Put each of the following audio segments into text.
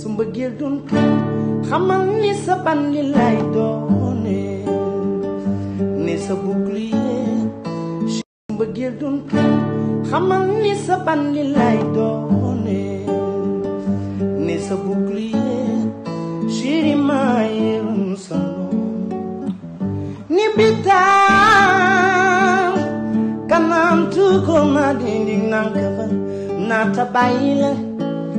su mbëggeel doon toj xamal ni sa bandi lay doone ni sa bouclier su mbëggeel doon toj xamal ni sa bandi lay doone ni sa bouclier chéri maa yërëm sa noon ni bitaan kanam tu ko ma dinding nang ka ba la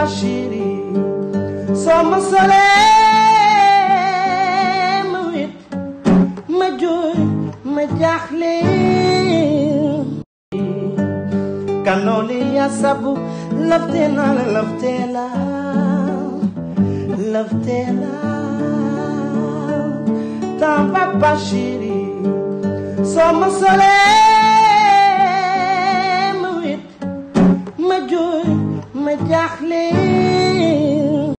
Bashiri sama ma wét ma jooy ma jaaxle kanooli sabu lafte naa la lafte la lafte la ma jaaxle